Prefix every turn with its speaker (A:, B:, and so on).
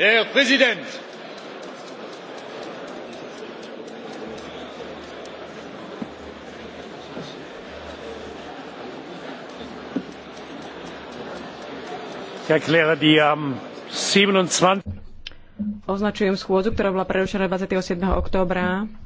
A: Herr Präsident!
B: Ich erkläre die am siebenundzwanzig.
C: Označujem schôdzu, ktorá bola prerušená 27. októbra